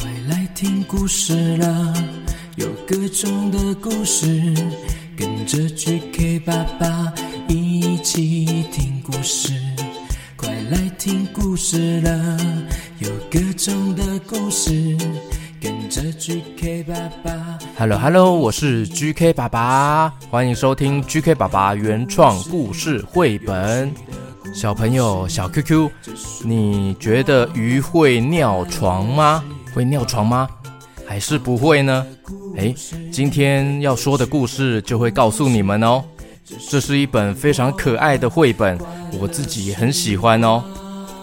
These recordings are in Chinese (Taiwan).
快來聽故事啦，有各種的故事，跟着 GK 爸爸一起聽故事。快來聽故事啦，有各種的故事，跟着 GK 爸爸。Hello, Hello，我是 GK 爸爸，歡迎收聽 GK 爸爸原創故事繪本。小朋友，小 QQ，你覺得魚會尿床嗎？會尿床嗎？還是不會呢？誒，今天要說的故事就會告訴你們哦。這是一本非常可愛的繪本，我自己很喜歡哦。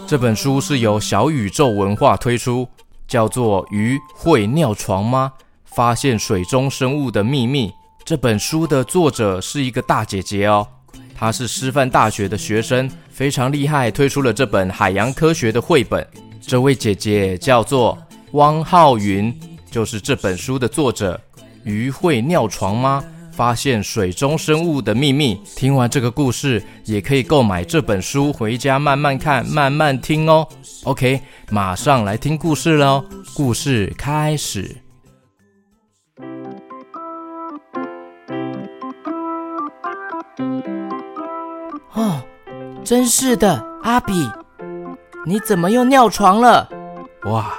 這本書是由小宇宙文化推出，叫做《魚會尿床嗎？發現水中生物的秘密》。這本書的作者是一個大姐姐哦，她是師範大學的學生，非常厲害，推出了這本海洋科學的繪本。這位姐姐叫做。汪浩雲就是這本書的作者。魚會尿床嗎？發現水中生物的秘密。聽完這個故事，也可以購買這本書回家慢慢看，慢慢聽哦。OK，馬上來聽故事嘍！故事開始。哦，真是的，阿比，你怎麼又尿床了？哇！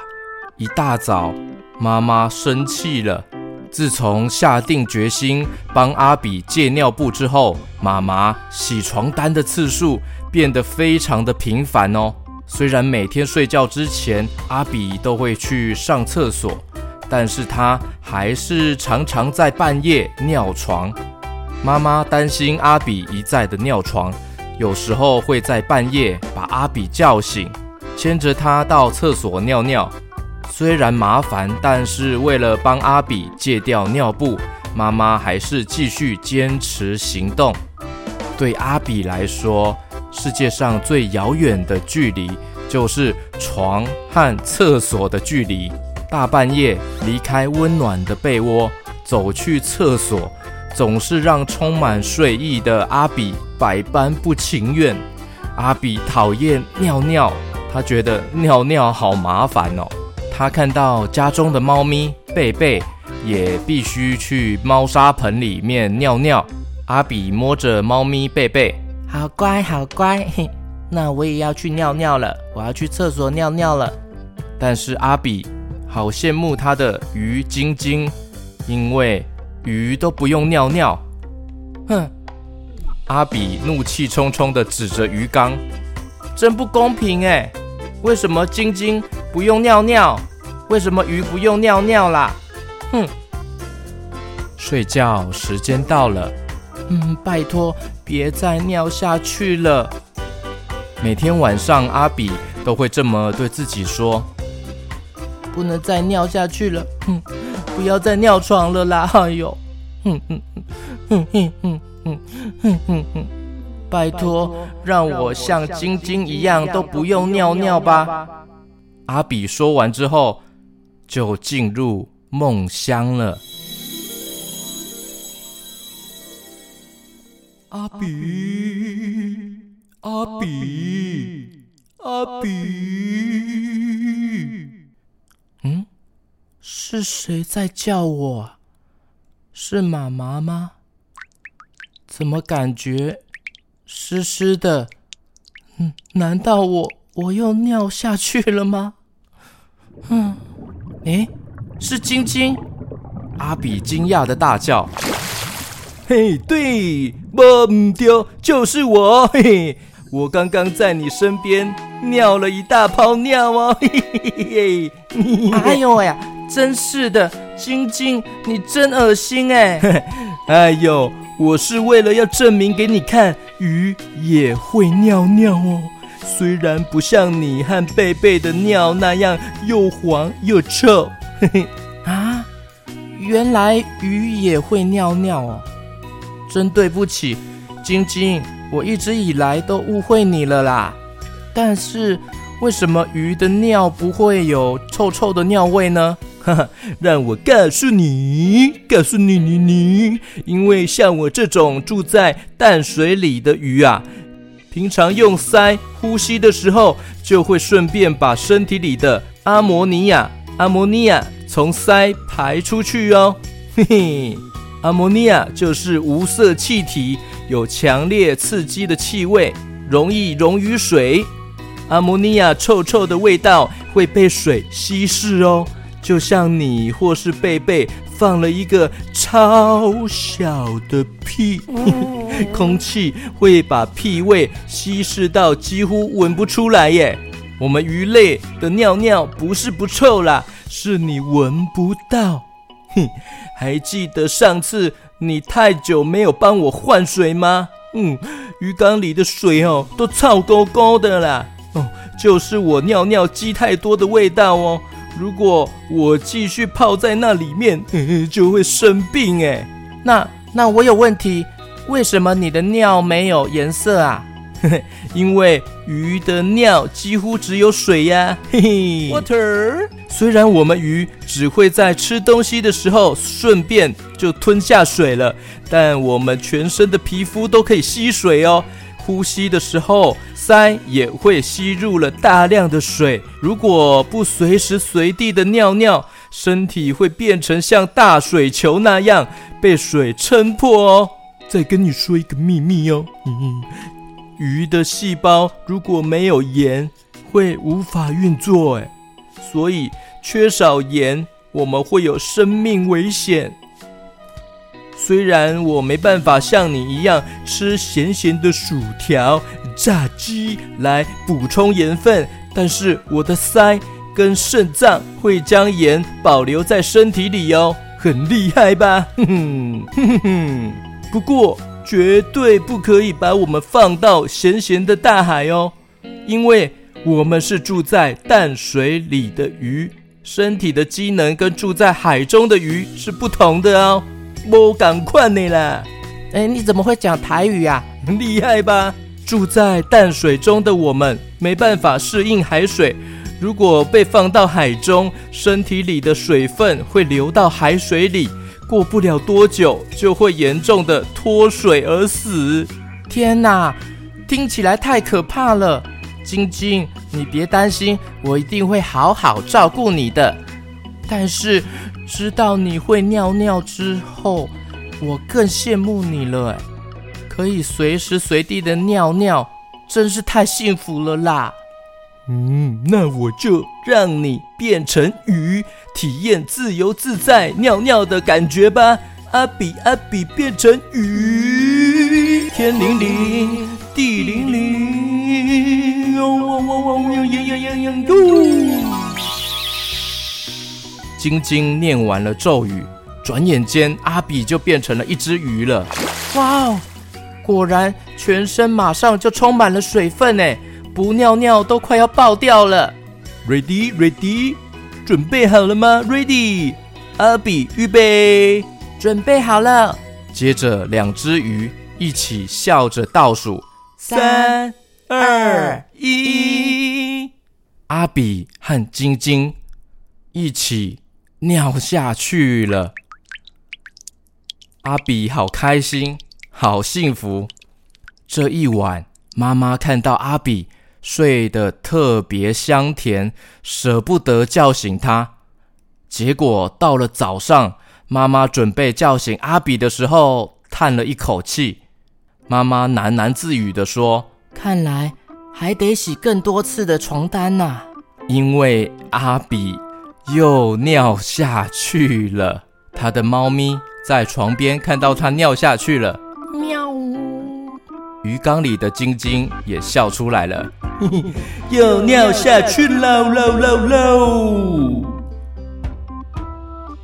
一大早，媽媽生氣了。自從下定決心幫阿比戒尿布之後，媽媽洗床單的次數變得非常的頻繁哦。雖然每天睡覺之前阿比都會去上廁所，但是他還是常常在半夜尿床。媽媽擔心阿比一再的尿床，有時候會在半夜把阿比叫醒，牽着他到廁所尿尿。雖然麻煩，但是為了幫阿比戒掉尿布，媽媽還是繼續堅持行動。對阿比來說，世界上最遙遠的距離就是床和廁所的距離。大半夜離開溫暖的被窩，走去廁所，總是讓充滿睡意的阿比百般不情願。阿比討厭尿尿，他覺得尿尿好麻煩哦。他看到家中的貓咪貝貝也必須去貓砂盆裡面尿尿。阿比摸着貓咪貝貝，好乖，好乖。 那我也要去尿尿了，我要去廁所尿尿了。但是阿比好羨慕他的魚金金，因為魚都不用尿尿。哼呵！阿比怒氣衝衝的指着魚缸，真不公平哎！為什麼金金，不用尿尿，為什麼魚不用尿尿啦？哼！睡覺時間到了。嗯，拜託，別再尿下去了。每天晚上，阿比都會這麼對自己說：“不能再尿下去了，哼、嗯！不要再尿床了啦！哎呦，哼哼哼哼哼哼哼哼！拜託，拜託讓我像金金一樣都不用尿尿吧。尿吧”阿比說完之後，就進入夢鄉了。阿比，阿比，阿比，嗯，是誰在叫我？是媽媽嗎？怎麼感覺濕濕的？嗯，難道我我又尿下去了嗎？嗯，誒，是金金，阿比驚訝的大叫：“嘿，對，不丟，就是我，嘿，我剛剛在你身邊尿了一大泡尿哦，嘿，嘿，嘿，嘿嘿哎呦呀，真是的，金金，你真惡心哎，哎呦，我是為了要證明給你看，魚也會尿尿哦。”雖然不像你和貝貝的尿那樣又黃又臭，嘿嘿，啊，原來魚也會尿尿哦，啊！真對不起，金金，我一直以來都誤會你了啦。但是為什麼魚的尿不會有臭臭的尿味呢？哈哈，讓我告訴你，告訴你，你你，因為像我這種住在淡水裡的魚啊。平常用鰓呼吸的時候，就會順便把身體裡的阿摩尼亞、阿摩尼亞從鰓排出去哦。嘿嘿，阿摩尼亞就是無色氣體，有強烈刺激的氣味，容易溶於水。阿摩尼亞臭臭的味道會被水稀釋哦，就像你或是貝貝放了一個超小的屁。嗯空氣會把屁味稀釋到幾乎聞不出來耶。我們魚類的尿尿不是不臭啦，是你聞不到。哼，還記得上次你太久沒有幫我換水嗎？嗯，魚缸裡的水哦都臭勾勾的啦。哦，就是我尿尿積太多的味道哦。如果我繼續泡在那裡面，就會生病耶。那那我有問題。為什麼你的尿沒有顏色啊？因為魚的尿幾乎只有水呀、啊，嘿嘿。Water。雖然我們魚只會在吃東西的時候順便就吞下水了，但我們全身的皮膚都可以吸水哦。呼吸的時候，鰓也會吸入了大量的水。如果不隨時隨地的尿尿，身體會變成像大水球那樣被水撐破哦。再跟你說一個祕密哦，嗯嗯、魚的細胞如果沒有鹽，會無法運作。哎，所以缺少鹽，我們會有生命危險。雖然我沒辦法像你一樣吃鹹鹹的薯條、炸雞來補充鹽分，但是我的鰓跟腎臟會將鹽保留在身體裡哦，很厲害吧？哼哼哼哼哼。呵呵不過絕對不可以把我們放到鹹鹹的大海哦，因為我們是住在淡水裡的魚，身體的機能跟住在海中的魚是不同的哦。我趕快來啦！誒，你怎麼會講台語呀、啊？厲害吧？住在淡水中的我們沒辦法適應海水，如果被放到海中，身體裡的水分會流到海水裡。過不了多久就會嚴重的脫水而死。天哪，聽起來太可怕了。金金，你別擔心，我一定會好好照顧你的。但是，知道你會尿尿之後，我更羨慕你了。哎，可以隨時隨地的尿尿，真是太幸福了啦。嗯，那我就讓你變成魚。體驗自由自在尿尿的感覺吧，阿比，阿比變成魚，天靈靈，地靈靈，汪汪汪汪，嚶嚶嚶嚶喲！金金念完了咒語，轉眼間阿比就變成了一隻魚了。哇哦！果然全身馬上就充滿了水分哎，不尿尿都快要爆掉了 ready。Ready，Ready。準備好了嗎？Ready，阿比預備，準備好了。接着，兩隻魚一起笑着倒數：三、二、一。阿比和金金一起尿下去了。阿比好開心，好幸福。這一晚，媽媽看到阿比。睡得特別香甜，捨不得叫醒他。結果到了早上，媽媽準備叫醒阿比的時候，嘆了一口氣。媽媽喃喃自語地說：“看來還得洗更多次的床單吶，因為阿比又尿下去了。”他的貓咪在床邊看到他尿下去了，喵！魚缸裡的金金也笑出來了。 又尿下去嘍嘍嘍嘍！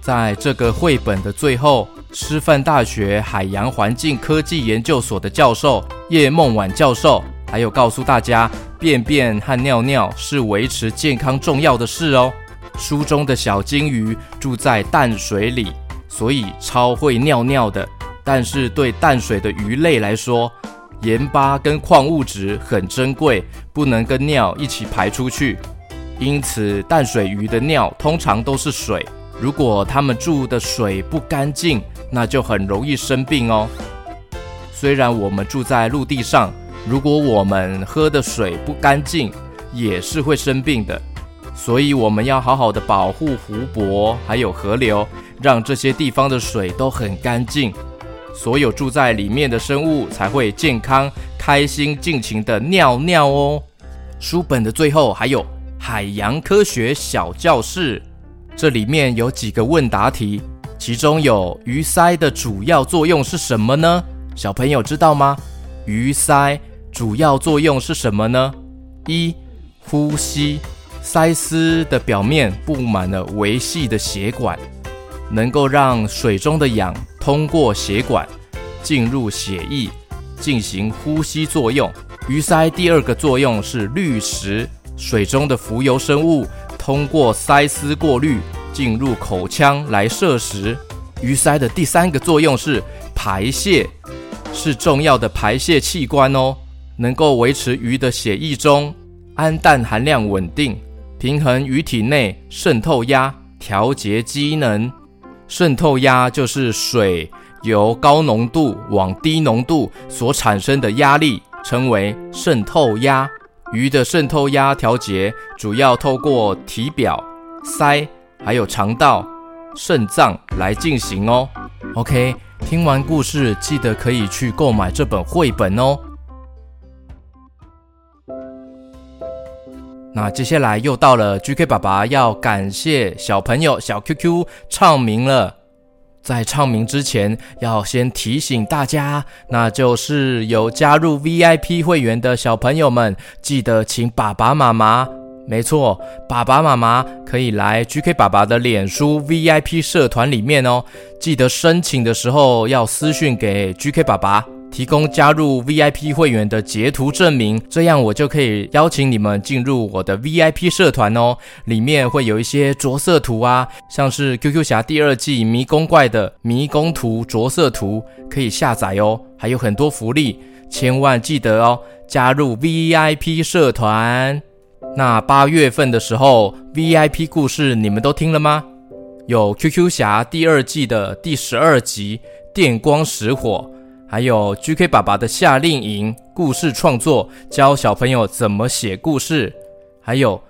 在這個繪本的最後，師範大學海洋環境科技研究所的教授葉夢婉教授，還有告訴大家，便便和尿尿是維持健康重要的事哦。書中的小金魚住在淡水裡，所以超會尿尿的。但是對淡水的魚類來說，鹽巴跟礦物質很珍貴，不能跟尿一起排出去，因此淡水魚的尿通常都是水。如果它們住的水不乾淨，那就很容易生病哦。雖然我們住在陸地上，如果我們喝的水不乾淨，也是會生病的。所以我們要好好的保護湖泊還有河流，讓這些地方的水都很乾淨。所有住在裡面的生物才會健康、開心、盡情的尿尿哦。書本的最後還有海洋科學小教室，這裡面有幾個問答題，其中有魚鰓的主要作用是什麼呢？小朋友知道嗎？魚鰓主要作用是什麼呢？一、呼吸，鰓絲的表面布滿了微細的血管，能夠讓水中的氧通過血管進入血液，進行呼吸作用。魚鰓第二個作用是濾食，水中的浮游生物通過鰓絲過濾進入口腔來攝食。魚鰓的第三個作用是排泄，是重要的排泄器官哦，能夠維持魚的血液中氨氮含量穩定，平衡魚體內滲透壓，調節機能。滲透壓就是水由高濃度往低濃度所產生的壓力，稱為滲透壓。魚的滲透壓調節主要透過體表、鰓、還有腸道、腎臟來進行哦。OK，聽完故事記得可以去購買這本繪本哦。那接下來又到了 GK 爸爸要感謝小朋友小 QQ 唱名了，在唱名之前要先提醒大家，那就是有加入 VIP 會員的小朋友們，記得請爸爸媽媽。沒錯，爸爸媽媽可以來 GK 爸爸的臉書 VIP 社團裡面哦，記得申請的時候要私訊給 GK 爸爸。提供加入 VIP 會員的截圖證明，這樣我就可以邀請你們進入我的 VIP 社團哦。裡面會有一些着色圖啊，像是《QQ 俠》第二季迷宮怪的迷宮圖着色圖可以下載哦，還有很多福利，千萬記得哦，加入 VIP 社團。那八月份的時候，VIP 故事你們都聽了嗎？有《QQ 俠》第二季的第十二集《電光石火》。還有 GK 爸爸的夏令營故事創作，教小朋友怎麼寫故事。還有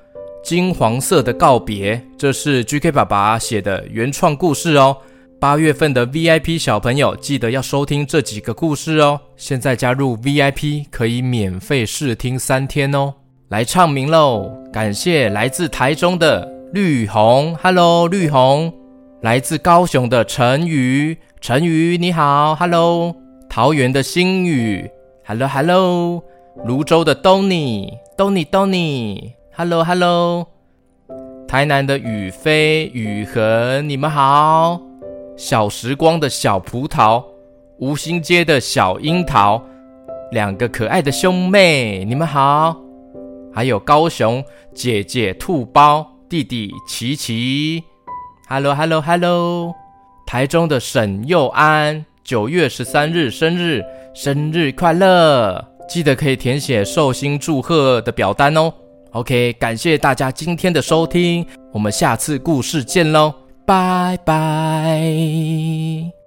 金黃色的告別，這是 GK 爸爸寫的原創故事哦。八月份的 VIP 小朋友記得要收聽這幾個故事哦。現在加入 VIP 可以免費試聽三天哦。來唱名嘍！感謝來自台中的綠紅，Hello，綠紅。來自高雄的陳宇。陳宇你好，Hello。桃園的星宇，Hello，Hello，瀘州的 Donny Donny Donny，Hello，Hello，台南的雨菲雨恆，你們好，小時光的小葡萄，梧心街的小櫻桃，兩個可愛的兄妹，你們好，還有高雄姐姐兔包弟弟琪琪，Hello Hello Hello，台中的沈佑安。九月十三日，生日，生日快樂！記得可以填寫壽星祝賀的表單哦。OK，感謝大家今天的收聽，我們下次故事見嘍，拜拜。